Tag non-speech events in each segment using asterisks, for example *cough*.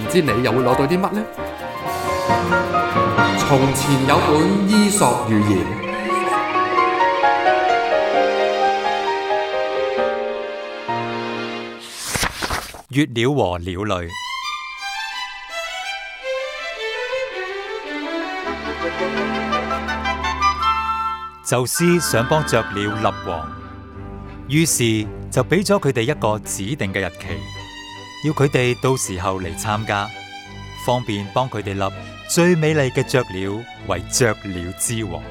唔知你又會攞到啲乜呢？從前有本伊索寓言，《穴鳥和鳥類》，宙斯想幫雀鳥立王，於是就俾咗佢哋一個指定嘅日期。要佢哋到時候嚟參加，方便幫佢哋立最美麗嘅雀鳥為雀鳥之王。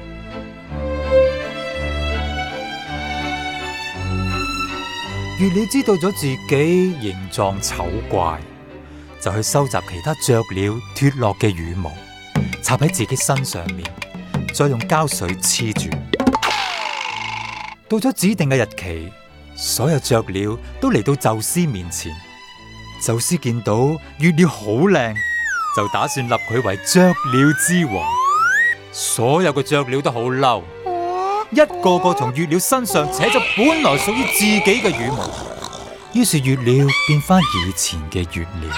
穴鳥知道咗自己形狀醜怪，就去收集其他雀鳥脫落嘅羽毛，插喺自己身上面，再用膠水黐住。到咗指定嘅日期，所有雀鳥都嚟到宙斯面前。宙斯見到穴鳥好靚，就打算立佢為雀鳥之王。所有嘅雀鳥都好嬲，一個個從穴鳥身上扯咗本來屬於自己嘅羽毛。於是穴鳥變返以前嘅穴鳥。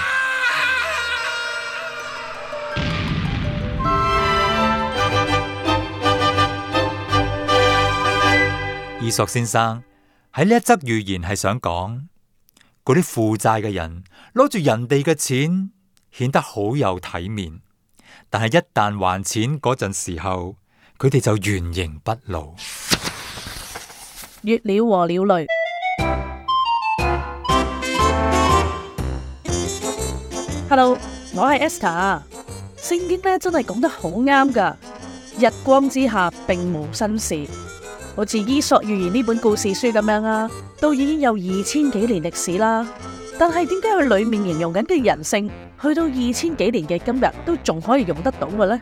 伊、啊、索先生喺呢一則寓言係想講。嗰啲負債嘅人攞住人哋嘅錢，顯得好有體面，但係一旦還錢嗰陣時候，佢哋就原形畢露。穴鳥和鳥類，Hello，我係 Esther，聖經咧真係講得好啱㗎，日光之下並無新事。好似伊索寓言呢本故事書咁樣啊，都已經有二千幾年歷史啦。但係點解佢裏面形容緊嘅人性，去到二千幾年嘅今日，都仲可以用得到嘅呢？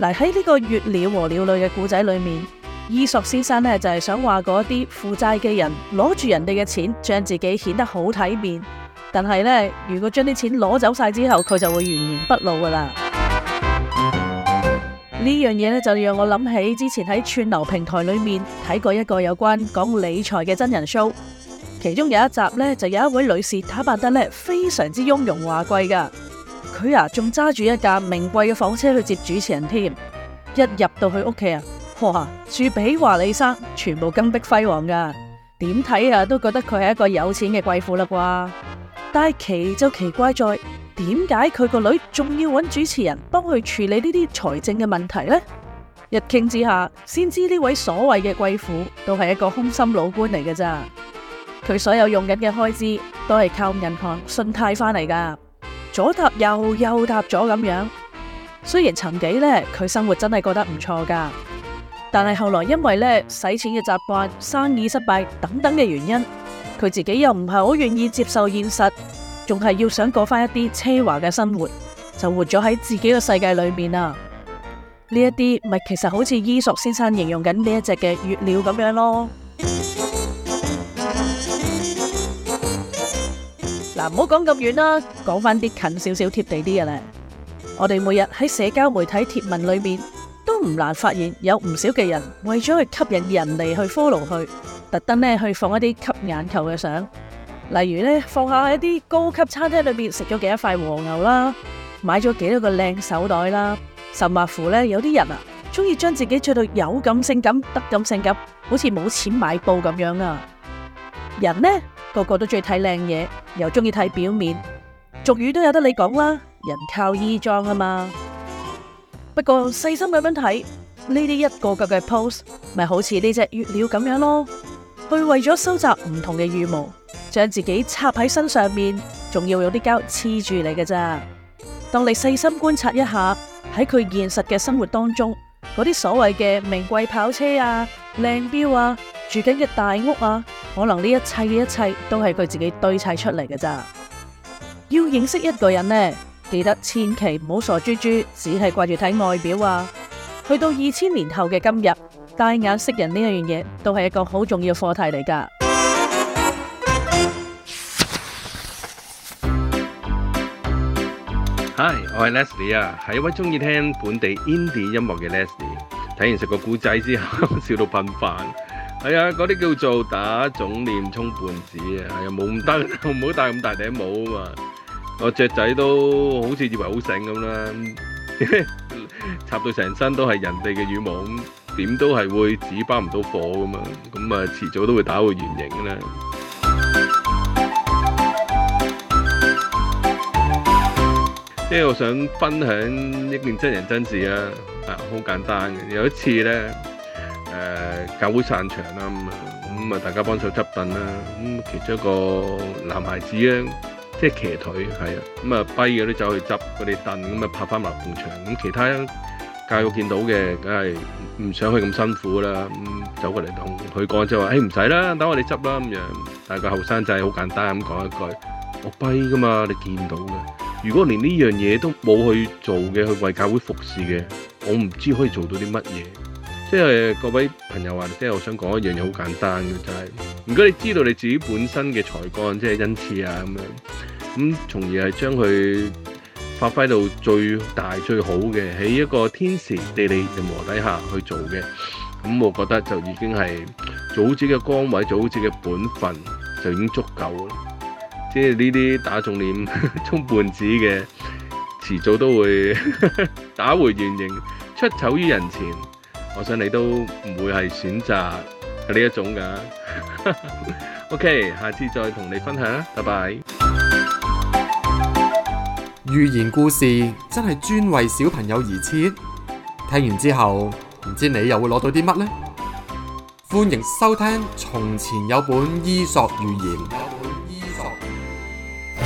嗱，喺呢個《穴鳥和鳥類》嘅故仔裏面，伊索先生呢就係、是、想話嗰啲負債嘅人，攞住人哋嘅錢，將自己顯得好體面。但係呢，如果將啲錢攞走晒之後，佢就會原形畢露噶啦。呢樣嘢咧就讓我諗起之前喺串流平台裏面睇過一個有關講理財嘅真人 show，其中有一集咧就有一位女士打扮得咧非常之雍容華貴噶，佢啊仲揸住一架名貴嘅房車去接主持人添，一入到去屋企啊，哇，住比華利山，全部金碧輝煌噶，點睇啊都覺得佢係一個有錢嘅貴婦啦啩，但奇就奇怪在。點解佢個女仲要揾主持人幫佢處理呢啲財政嘅問題呢？一傾之下，先知呢位所謂嘅貴婦都係一個空心老官嚟嘅咋。佢所有用緊嘅開支都係靠銀行信貸翻嚟噶，左搭右右搭咗咁樣。雖然曾幾呢，佢生活真係過得唔錯噶，但係後來因為呢使錢嘅習慣、生意失敗等等嘅原因，佢自己又唔係好願意接受現實。仲係要想過翻一啲奢華嘅生活，就活咗喺自己嘅世界裏面啦。呢一啲咪其實好似伊索先生形容緊呢一隻嘅穴鳥咁樣咯。嗱、嗯，唔好講咁遠啦，講翻啲近少少、貼地啲嘅咧。我哋每日喺社交媒體貼文裏面，都唔難發現有唔少嘅人為咗去吸引人哋去 follow 佢，特登呢去放一啲吸眼球嘅相。例如咧，放下喺啲高級餐廳裏邊食咗幾多塊和牛啦，買咗幾多個靚手袋啦，甚或乎咧，有啲人啊，中意將自己着到有咁性感、得咁性感，好似冇錢買布咁樣啊！人呢，個個都中意睇靚嘢，又中意睇表面，俗語都有得你講啦，人靠衣裝啊嘛。不過細心咁樣睇，呢啲一個個嘅 pose，咪好似呢隻穴鳥咁樣咯，去為咗收集唔同嘅羽毛。將自己插喺身上面，仲要有啲膠黐住你嘅咋？當你細心觀察一下，喺佢現實嘅生活當中，嗰啲所謂嘅名貴跑車啊、靚表啊、住緊嘅大屋啊，可能呢一切嘅一切都係佢自己堆砌出嚟嘅咋？要認識一個人呢，記得千祈唔好傻豬豬，只係掛住睇外表啊！去到二千年後嘅今日，戴眼識人呢一樣嘢，都係一個好重要課題嚟噶。Hi，我係 Leslie 啊，係一位中意聽本地 indie 音樂嘅 Leslie。睇完食個故仔之後，笑到噴飯。係啊，嗰啲叫做打腫臉充胖子啊。係啊，冇唔得，唔好戴咁大頂帽啊嘛。我雀仔都好似以為好醒咁啦，插到成身都係人哋嘅羽毛，點都係會紙包唔到火噶嘛。咁啊，遲早都會打回原形嘅。即係我想分享一件真人真事啦、啊，啊，好簡單嘅。有一次咧，誒、呃、教會散場啦，咁啊，咁啊，大家幫手執凳啦，咁、嗯、其中一個男孩子咧，即係騎腿係啊，咁啊跛嘅都走去執佢哋凳，咁啊拍翻埋埲牆，咁、嗯、其他教會見到嘅，梗係唔想去咁辛苦啦，咁、嗯、走過嚟同佢講就話、是：，誒唔使啦，等我哋執啦。咁樣，但係個後生仔好簡單咁講一句：，我跛㗎嘛，你見到嘅。如果連呢樣嘢都冇去做嘅，去為教會服侍嘅，我唔知可以做到啲乜嘢。即係各位朋友話，即係我想講一樣嘢好簡單嘅，就係、是、如果你知道你自己本身嘅才幹，即係恩賜啊咁樣，咁、嗯、從而係將佢發揮到最大最好嘅，喺一個天時地利人和底下去做嘅，咁、嗯、我覺得就已經係組織嘅崗位、組織嘅本分就已經足夠啦。即係呢啲打臉 *laughs* 腫臉充胖子嘅，遲早都會 *laughs* 打回原形，出醜於人前。我想你都唔會係選擇呢一種噶。 *laughs* OK，下次再同你分享，拜拜。寓言故事真係專為小朋友而設，聽完之後唔知你又會攞到啲乜呢？歡迎收聽《從前有本伊索寓言》。